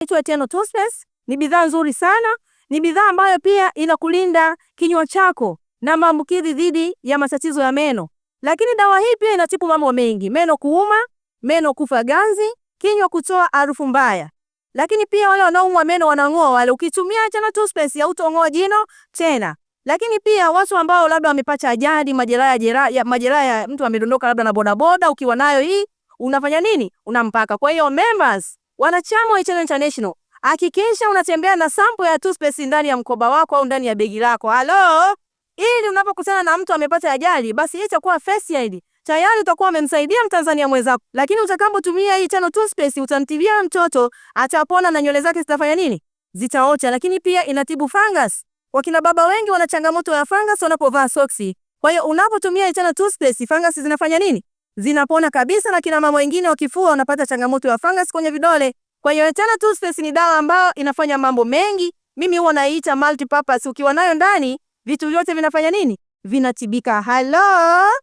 inaitwa Eternal Toothpaste ni bidhaa nzuri sana, ni bidhaa ambayo pia inakulinda kinywa chako na maambukizi dhidi ya matatizo ya meno. Lakini dawa hii pia inatibu mambo mengi: meno kuuma, meno kufa ganzi, kinywa kutoa harufu mbaya. Lakini pia wale wanaoumwa meno wanang'oa wale, ukitumia Eternal Toothpaste hautong'oa jino tena. Lakini pia watu ambao labda wamepata ajali, majeraha ya majeraha ya mtu amedondoka labda na bodaboda, ukiwa nayo hii unafanya nini? Unampaka. Kwa hiyo members Wanachama wa Italian International, hakikisha unatembea na sampo ya toothpaste ndani ya mkoba wako au ndani ya begi lako. Halo? Ili unapokutana na mtu amepata ajali, basi hii itakuwa first aid. Tayari utakuwa umemsaidia Mtanzania mwenzako. Lakini utakapotumia hii Eternal Toothpaste utamtibia mtoto, atapona na nywele zake zitafanya nini? Zitaota. Lakini pia inatibu fungus. Wakina baba wengi wana changamoto ya fungus wanapovaa soksi. Kwa hiyo unapotumia Eternal Toothpaste fungus zinafanya nini? zinapona kabisa, na kina mama wengine wa kifua wanapata changamoto ya fungus kwenye vidole. Kwa hiyo Eternal toothpaste ni dawa ambayo inafanya mambo mengi. Mimi huwa naiita multi purpose. Ukiwa nayo ndani, vitu vyote vinafanya nini? Vinatibika. Halo.